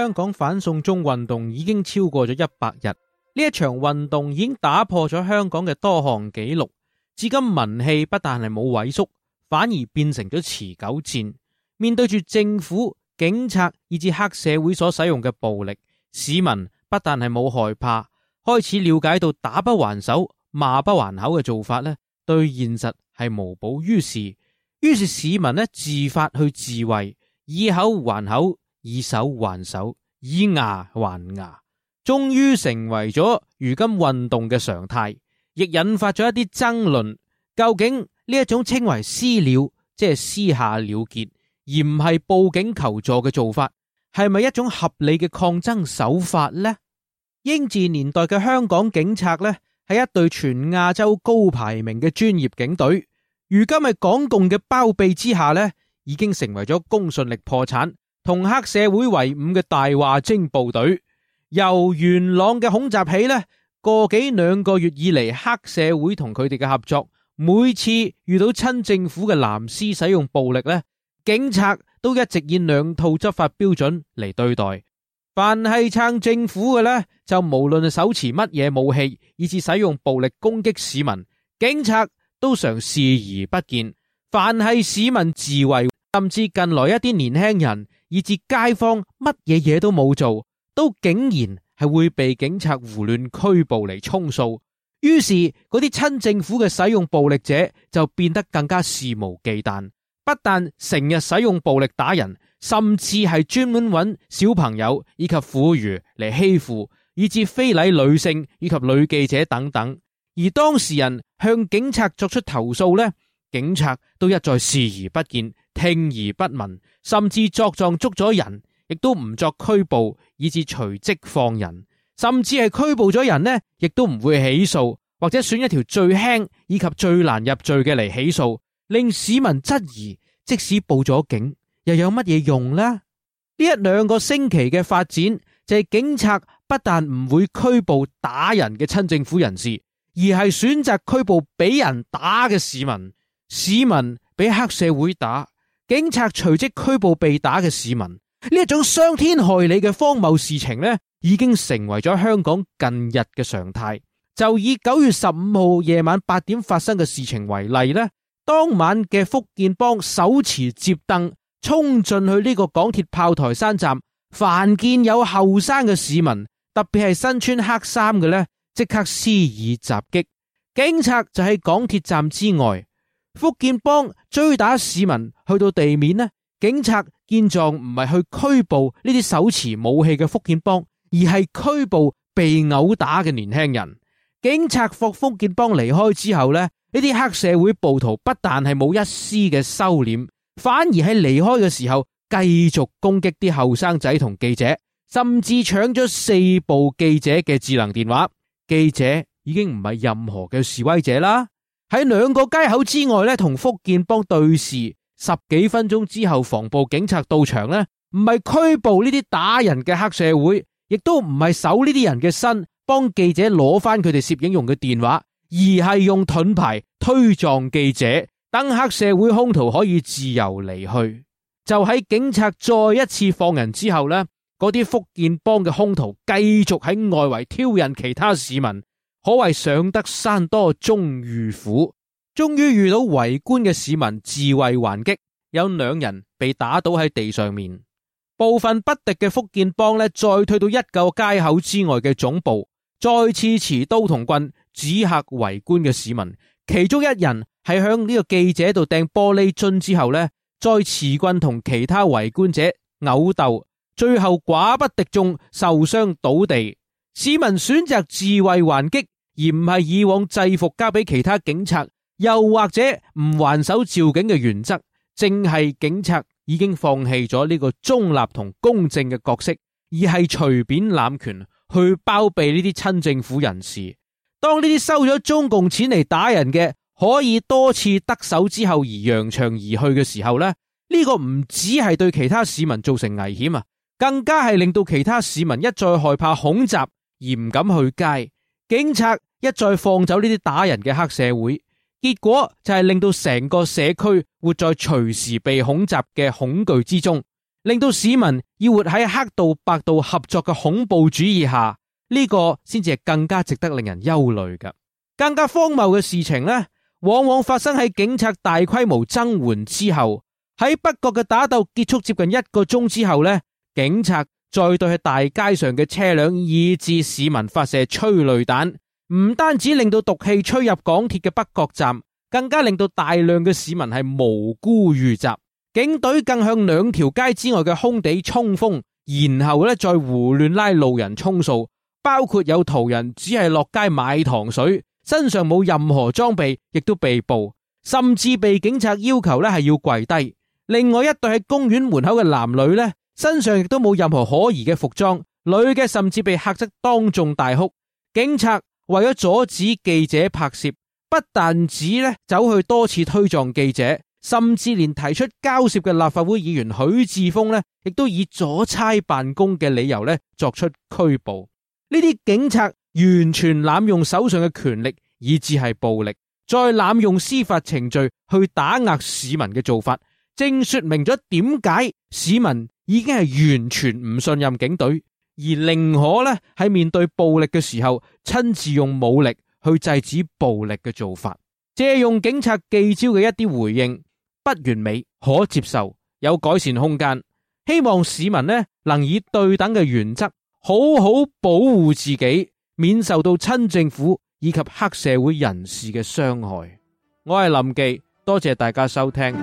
香港反送中運動已經超過咗一百日，呢一場運動已經打破咗香港嘅多項紀錄。至今民氣不但係冇萎縮，反而變成咗持久戰。面對住政府、警察，以至黑社會所使用嘅暴力，市民不但係冇害怕，開始了解到打不還手、罵不還口嘅做法呢，對現實係無補於事。於是市民呢，自發去自衛，以口還口。以手還手，以牙還牙，終於成為咗如今運動嘅常態，亦引發咗一啲爭論。究竟呢一種稱為私了，即係私下了結，而唔係報警求助嘅做法，係咪一種合理嘅抗爭手法呢？英治年代嘅香港警察呢，係一隊全亞洲高排名嘅專業警隊。如今係港共嘅包庇之下呢，已經成為咗公信力破產。同黑社會為伍嘅大話精部隊，由元朗嘅恐襲起呢，過幾兩個月以嚟，黑社會同佢哋嘅合作，每次遇到親政府嘅藍絲使用暴力呢，警察都一直以兩套執法標準嚟對待。凡係撐政府嘅呢，就無論手持乜嘢武器，以至使用暴力攻擊市民，警察都常視而不見。凡係市民自衛，甚至近來一啲年輕人，以至街坊乜嘢嘢都冇做，都竟然係會被警察胡亂拘捕嚟充數。於是嗰啲親政府嘅使用暴力者就變得更加肆無忌憚，不但成日使用暴力打人，甚至係專門揾小朋友以及婦孺嚟欺負，以至非禮女性以及女記者等等。而當事人向警察作出投訴呢，警察都一再視而不見。輕而不聞，甚至作狀捉咗人，亦都唔作拘捕，以至隨即放人；甚至係拘捕咗人呢，亦都唔會起訴，或者選一條最輕以及最難入罪嘅嚟起訴，令市民質疑：即使報咗警，又有乜嘢用呢？呢一兩個星期嘅發展，就係警察不但唔會拘捕打人嘅親政府人士，而係選擇拘捕俾人打嘅市民，市民俾黑社會打。警察隨即拘捕被打嘅市民，呢一種傷天害理嘅荒謬事情呢，已經成為咗香港近日嘅常態。就以九月十五號夜晚八點發生嘅事情為例呢，當晚嘅福建幫手持折凳衝進去呢個港鐵炮台山站，凡見有後生嘅市民，特別係身穿黑衫嘅呢，即刻施以襲擊。警察就喺港鐵站之外。福建幫追打市民去到地面呢，警察見狀唔係去拘捕呢啲手持武器嘅福建幫，而係拘捕被毆打嘅年輕人。警察放福建幫離開之後呢，呢啲黑社會暴徒不但係冇一絲嘅收斂，反而喺離開嘅時候繼續攻擊啲後生仔同記者，甚至搶咗四部記者嘅智能電話。記者已經唔係任何嘅示威者啦。喺兩個街口之外咧，同福建幫對峙十幾分鐘之後，防暴警察到場呢，唔係拘捕呢啲打人嘅黑社會，亦都唔係搜呢啲人嘅身，幫記者攞翻佢哋攝影用嘅電話，而係用盾牌推撞記者，等黑社會兇徒可以自由離去。就喺警察再一次放人之後呢，嗰啲福建幫嘅兇徒繼續喺外圍挑釁其他市民。可謂上得山多終遇虎，終於遇到圍觀嘅市民自衛還擊，有兩人被打倒喺地上面。部分不敵嘅福建幫咧，再退到一舊街口之外嘅總部，再次持刀同棍指吓圍觀嘅市民。其中一人係向呢個記者度掟玻璃樽之後呢，再持棍同其他圍觀者毆鬥，最後寡不敵眾，受傷倒地。市民選擇自衛還擊，而唔係以往制服交俾其他警察，又或者唔還手召警嘅原則，正係警察已經放棄咗呢個中立同公正嘅角色，而係隨便攬權去包庇呢啲親政府人士。當呢啲收咗中共錢嚟打人嘅，可以多次得手之後而揚長而去嘅時候呢，呢個唔只係對其他市民造成危險啊，更加係令到其他市民一再害怕恐襲。而唔敢去街，警察一再放走呢啲打人嘅黑社會，結果就係令到成個社區活在隨時被恐襲嘅恐懼之中，令到市民要活喺黑道白道合作嘅恐怖主義下，呢、呢個先至係更加值得令人憂慮嘅。更加荒謬嘅事情呢，往往發生喺警察大規模增援之後，喺北角嘅打鬥結束接近一個鐘之後呢，警察。再對喺大街上嘅車輛以至市民發射催淚彈，唔單止令到毒氣吹入港鐵嘅北角站，更加令到大量嘅市民係無辜遇襲。警隊更向兩條街之外嘅空地衝鋒，然後咧再胡亂拉路人充數，包括有途人只係落街買糖水，身上冇任何裝備，亦都被捕，甚至被警察要求咧係要跪低。另外一對喺公園門口嘅男女呢。身上亦都冇任何可疑嘅服裝，女嘅甚至被嚇得當眾大哭。警察為咗阻止記者拍攝，不但止咧走去多次推撞記者，甚至連提出交涉嘅立法會議員許智峰咧，亦都以阻差辦公嘅理由咧作出拘捕。呢啲警察完全濫用手上嘅權力，以至係暴力，再濫用司法程序去打壓市民嘅做法，正說明咗點解市民。已經係完全唔信任警隊，而寧可咧喺，面對暴力嘅時候，親自用武力去制止暴力嘅做法。借用警察記招嘅一啲回應，不完美，可接受，有改善空間。希望市民咧能以對等嘅原則，好好保護自己，免受到親政府以及黑社會人士嘅傷害。我係林記，多謝大家收聽。